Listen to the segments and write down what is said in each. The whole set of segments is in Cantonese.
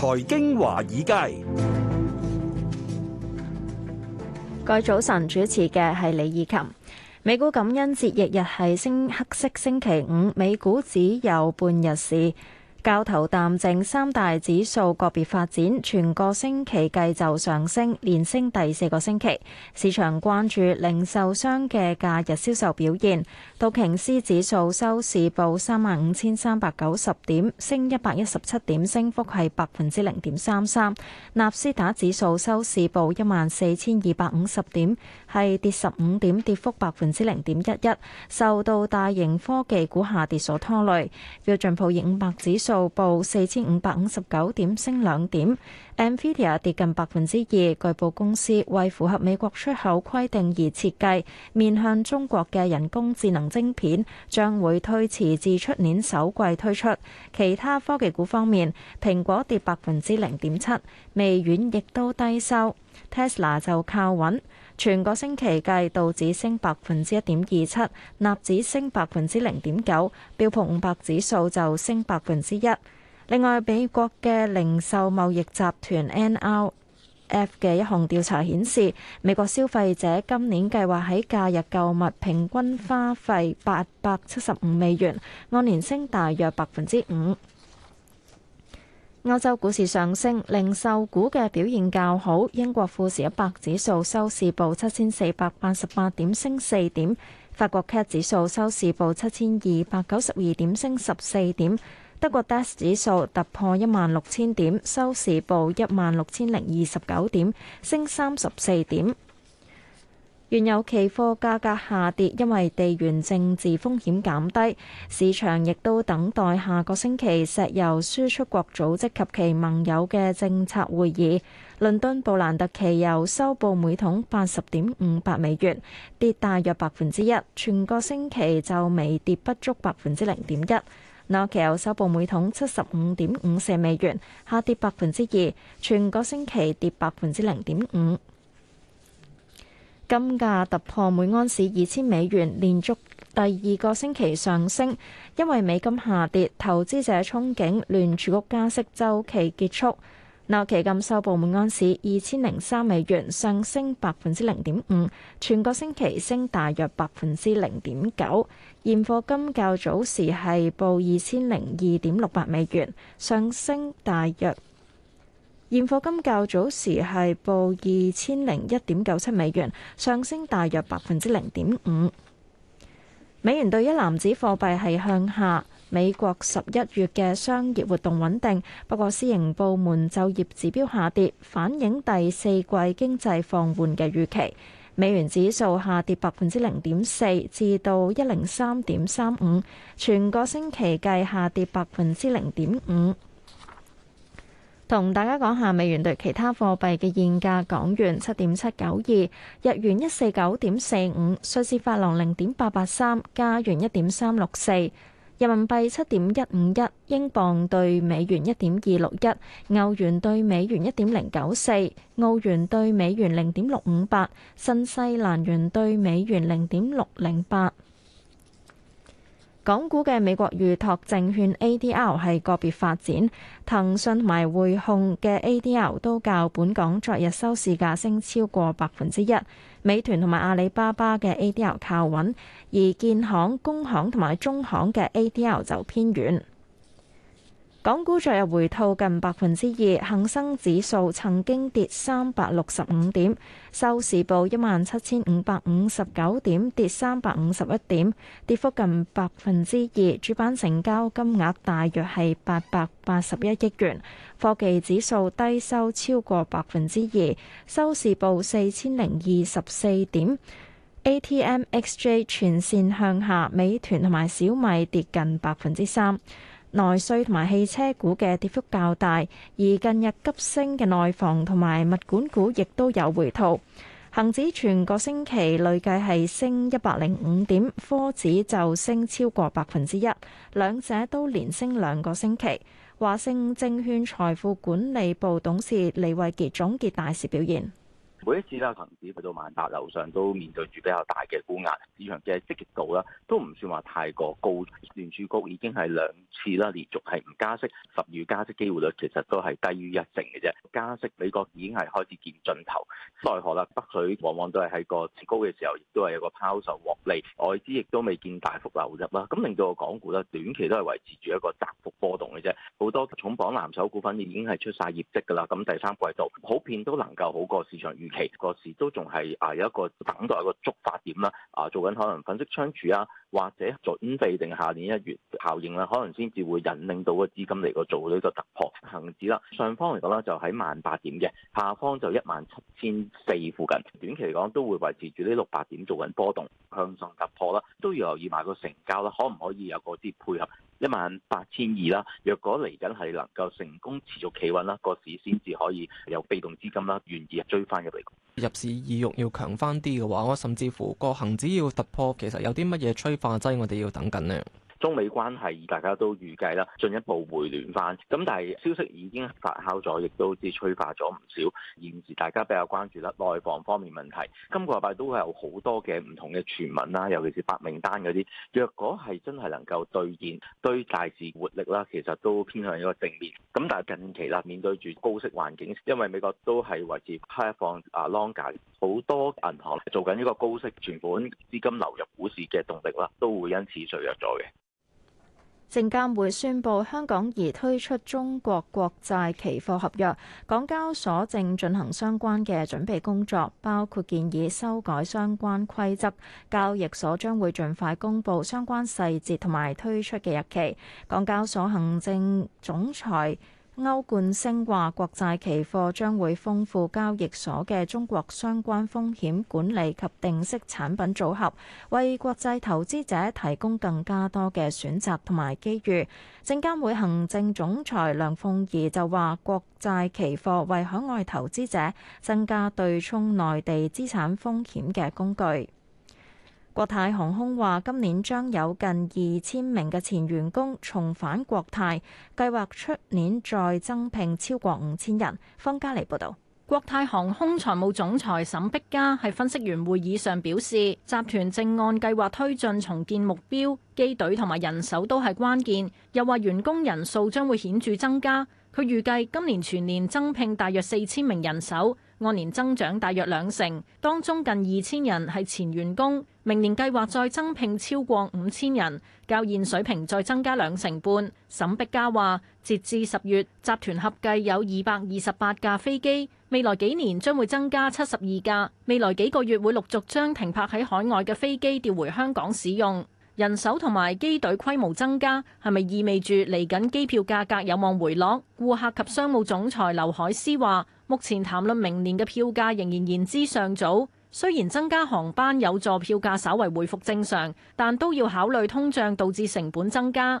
財經華爾街，各位早晨，主持嘅係李綺琴。美股感恩節翌日係星黑色星期五，美股只有半日市。交投淡靜，三大指數個別發展，全個星期計就上升，連升第四個星期。市場關注零售商嘅假日銷售表現。道瓊斯指數收市報三萬五千三百九十點，升一百一十七點，升幅係百分之零點三三。納斯達指數收市報一萬四千二百五十點，係跌十五點，跌幅百分之零點一一。受到大型科技股下跌所拖累。標準普爾五百指數。道報四千五百五十九點，升兩點。Nvidia 跌近百分之二，據報公司為符合美國出口規定而設計面向中國嘅人工智能晶片，將會推遲至出年首季推出。其他科技股方面，蘋果跌百分之零點七，微軟亦都低收，Tesla 就靠穩。全個星期計，道指升百分之一點二七，納指升百分之零點九，標普五百指數就升百分之一。另外，美國嘅零售貿易集團 NRF 嘅一項調查顯示，美國消費者今年計劃喺假日購物平均花費八百七十五美元，按年升大約百分之五。歐洲股市上升，零售股嘅表現較好。英國富時一百指數收市報七千四百八十八點，升四點。法國 CAC 指數收市報七千二百九十二點，升十四點。德國 DAX 指數突破一萬六千點，收市報一萬六千零二十九點，升三十四點。原油期貨價格下跌，因為地緣政治風險減低。市場亦都等待下個星期石油輸出國組織及其盟友嘅政策會議。倫敦布蘭特期油收報每桶八十點五八美元，跌大約百分之一，全個星期就微跌不足百分之零點一。紐約期油收報每桶七十五點五四美元，下跌百分之二，全個星期跌百分之零點五。金價突破每安士二千美元，連續第二個星期上升，因為美金下跌，投資者憧憬聯儲局加息週期結束。紐期金收報每安士二千零三美元，上升百分之零點五，全個星期升大約百分之零點九。現貨金較早時係報二千零二點六八美元，上升大約。現貨金較早時係報二千零一點九七美元，上升大約百分之零點五。美元對一籃子貨幣係向下。美國十一月嘅商業活動穩定，不過私營部門就業指標下跌，反映第四季經濟放緩嘅預期。美元指數下跌百分之零點四，至到一零三點三五，全個星期計下跌百分之零點五。同大家講下美元對其他貨幣嘅現價：港元七點七九二，日元一四九點四五，瑞士法郎零點八八三，加元一點三六四，人民幣七點一五一，英鎊對美元一點二六一，歐元對美元一點零九四，澳元對美元零點六五八，新西蘭元對美元零點六零八。港股嘅美國預託證券 A D R 係個別發展，騰訊同埋匯控嘅 A D R 都較本港昨日收市價升超過百分之一，美團同埋阿里巴巴嘅 A D R 靠穩，而建行、工行同埋中行嘅 A D R 就偏軟。港股昨日回吐近百分之二，恒生指數曾經跌三百六十五點，收市報一萬七千五百五十九點，跌三百五十一點，跌幅近百分之二。主板成交金額大約係八百八十一億元。科技指數低收超過百分之二，收市報四千零二十四點。ATM XJ 全線向下，美團同埋小米跌近百分之三。內需同埋汽車股嘅跌幅較大，而近日急升嘅內房同埋物管股亦都有回吐。恒指全個星期累計係升一百零五點，科指就升超過百分之一，兩者都連升兩個星期。華盛證券財富管理部董事李慧傑總結大市表現。每一次啦，恒指去到萬八樓上都面對住比較大嘅沽壓，市場嘅積極度啦，都唔算話太過高。聯儲局已經係兩次啦，連續係唔加息，十二月加息機會率其實都係低於一成嘅啫。加息美國已經係開始見盡頭，奈何啦，北水往往都係喺個高嘅時候，亦都係有個拋售獲利，外資亦都未見大幅流入啦。咁令到個港股啦，短期都係維持住一個窄幅波動嘅啫。好多重磅藍籌股份已經係出晒業績㗎啦，咁第三季度普遍都能夠好過市場預期。個市都仲係啊，有一個等待一個觸發點啦。啊，做緊可能粉飾櫥窗啊，或者準備定下年一月效應啦，可能先至會引領到個資金嚟個做呢個突破行市啦。上方嚟講咧就喺萬八點嘅，下方就一萬七千四附近。短期嚟講都會維持住呢六百點做緊波動向上突破啦，都要留意埋個成交啦，可唔可以有個啲配合？一萬八千二啦，若果嚟緊係能夠成功持續企穩啦，個市先至可以有被動資金啦，願意追翻入嚟。入市意欲要強翻啲嘅話，我甚至乎個恒指要突破，其實有啲乜嘢催化劑，我哋要等緊咧。中美關係，大家都預計啦，進一步回暖翻。咁但係消息已經發酵咗，亦都知催化咗唔少，現時大家比較關注啦，內房方面問題。今個禮拜都會有好多嘅唔同嘅傳聞啦，尤其是白名單嗰啲。若果係真係能夠兌現，對大市活力啦，其實都偏向一個正面。咁但係近期啦，面對住高息環境，因為美國都係維持開放啊 longer，好多銀行係做緊呢個高息存款資金流入股市嘅動力啦，都會因此削弱咗嘅。證監會宣布，香港擬推出中國國債期貨合約，港交所正進行相關嘅準備工作，包括建議修改相關規則。交易所將會盡快公佈相關細節同埋推出嘅日期。港交所行政總裁歐冠星話，國債期貨將會豐富交易所嘅中國相關風險管理及定息產品組合，為國際投資者提供更加多嘅選擇同埋機遇。證監會行政總裁梁鳳儀就話，國債期貨為海外投資者增加對沖內地資產風險嘅工具。國泰航空話今年將有近二千名嘅前員工重返國泰，計劃出年再增聘超過五千人。方家莉報道。國泰航空財務總裁沈碧嘉喺分析員會議上表示，集團正按計劃推進重建目標，機隊同埋人手都係關鍵。又話員工人數將會顯著增加，佢預計今年全年增聘大約四千名人手。按年增長大約兩成，當中近二千人係前員工。明年計劃再增聘超過五千人，較現水平再增加兩成半。沈碧嘉話：截至十月，集團合計有二百二十八架飛機，未來幾年將會增加七十二架。未來幾個月會陸續將停泊喺海外嘅飛機調回香港使用。人手同埋機隊規模增加，係咪意味住嚟緊機票價格有望回落？顧客及商務總裁劉海思話。目前談論明年嘅票價仍然言之尚早。雖然增加航班有助票價稍為回復正常，但都要考慮通脹導致成本增加。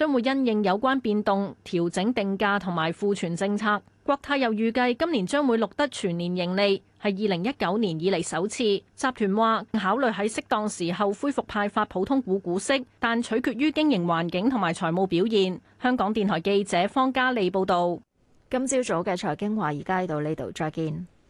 將會因應有關變動調整定價同埋庫存政策。國泰又預計今年將會錄得全年盈利，係二零一九年以嚟首次。集團話考慮喺適當時候恢復派發普通股股息，但取決於經營環境同埋財務表現。香港電台記者方嘉利報道。今朝早嘅財經華爾街到呢度再見。